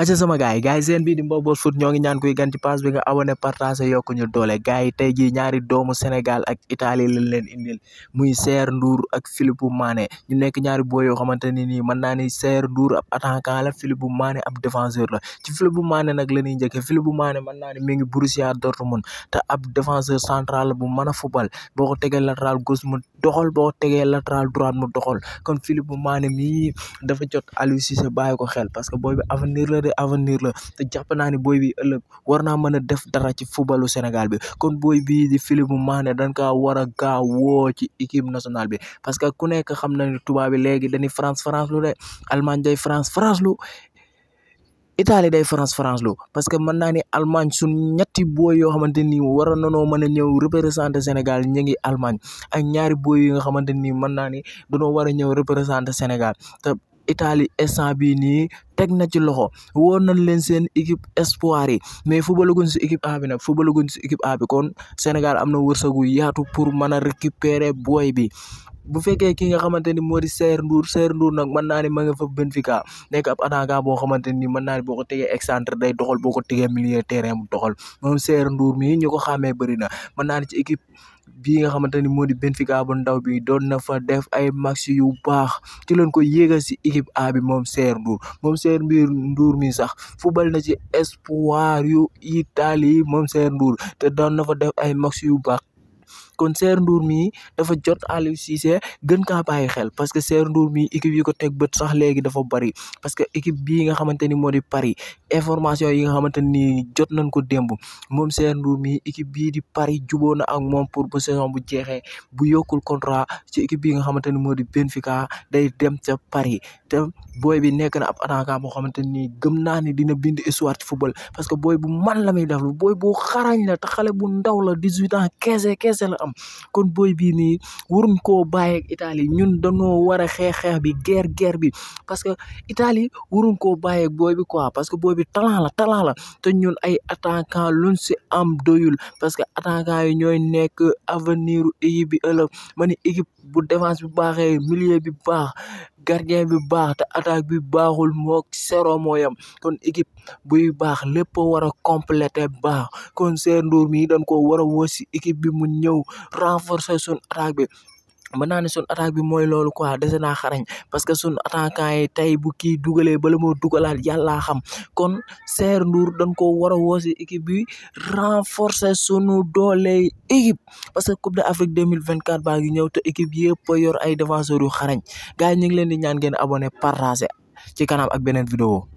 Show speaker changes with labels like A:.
A: aca sama gars yi gars yi seen bii di Mbaw Boss Foot ñoo ngi ñaan kuy gan ci bi nga abonné partagé yokku ñu doole gars yi tey jii ñaari doomu Sénégal ak Italie lañ leen indil muy Cher Ndour ak Philippe maane ñu nekk ñaari boo yoo xamante ni nii mën naa ni Cher Ndour ab attaquant la Philippe Mané ab défenseur la ci Philippe Mané nag la ñuy njëkkee maane Mané mën naa ni mi ngi Borussia Dortmund te ab défenseur central bu mën a football boo ko tegee latéral gauche mu doxal boo tegee latéral droite mu doxol kon mu maane mii dafa jot Aliou Cissé bàyyi ko xel parce que booy bi avenir la de avenir la te jàpp naa ne booy bi ëllëg war naa mën a def dara ci footballu Sénégal bi kon booy bii di mu maane dan kaa war a gaa woo ci équipe nationale bi parce que ku nekk xam na ne tubaab bi léegi dañuy France France lu de Allemagne day France France lu itali day France France loo parce que mën naa ni Allemagne suñ ñetti booy yoo xamante ni waroon nanoo mën a ñëw représenté Sénégal ñu ngi Allemagne ak ñaari booy yi nga xamante ni mën naa ni danoo war a ñëw représenté Sénégal te Italie bii nii teg na ci loxo woon nañ leen seen équipe espoir yi mais footballaguñ si équipe A bi nag footballaguñ si équipe A bi kon Sénégal am na wërsëgu yaatu pour mën a récupérer booy bi bu fekkee ki nga xamante ni moo di Cher Ndour Cher Ndour nag mën naa ne ma nga fa Benfica nekk ab attaquant boo xamante ni mën naa ne boo ko tegee excentre day doxal boo ko tegee milieu terrain bu doxal moom Cher Ndour mi ñu ko xàmmee bëri na mën naa ne ci équipe bii nga xamante ni moo di Benfica bu ndaw bi doon na fa def ay match yu baax ci leen ko yéegal si équipe A bi moom Cher Ndour moom Cher Ndour mi sax football na ci espoir yu Italie moom Cher Ndour te doon na fa def ay match yu baax kon Cher Ndour mi dafa jot Aliou Cissé gën ka bàyyi xel parce que Cher Ndour mi équipe yi ko tek beut sax légui dafa bari parce que équipe bi nga xamanteni modi Paris information yi nga xamanteni jot nañ ko demb mom Cher Ndour mi équipe bi di Paris djubona ak mom pour bu saison bu jexé bu yokul contrat ci équipe bi nga xamanteni modi Benfica day dem ci Paris te boy bi nek na ab attaquant bo xamanteni gëm na ni dina bind histoire ci football parce que boy bu man lamay def boy bu xarañ la te xale bu ndaw la dix-huit ans 15 ans la am kon booy bii nii waruñ koo bàyyi ak ñun dañoo war a xeex xeex bi guerre guerre bi parce que Italie waruñ koo bàyyi ak booy bi quoi parce que booy bi talent la talent la te ñun ay attaquant luñ si am doyul parce que attaquant yi ñooy nekk avenir u bi ëllëg ma ne bu défense bi baaxee milieu bi baax gardien bi baax te attaque bi baaxul mook zéro moo yem kon équipe buy baax lépp war a complété baax kon Cher Ndour mii dañ ko war a woo si équipe bi mu ñëw renforcer suñu attaque bi mën naa ne sunu attaque bi mooy loolu quoi dese naa xarañ parce que sunu attaquant yi tey bu kii dugalee bala moo dugalaat yàllaa xam kon Cher Ndour dañ ko war a woo si équipe bi renforcer sunu doole équipe parce que Coupe d'Afrique 2024 baa ngi ñëw te équipe yëpp yor ay défenseurs yu xarañ gars yi ñu ngi leen di ñaan ngeen abonné partager ci kanam ak beneen vidéo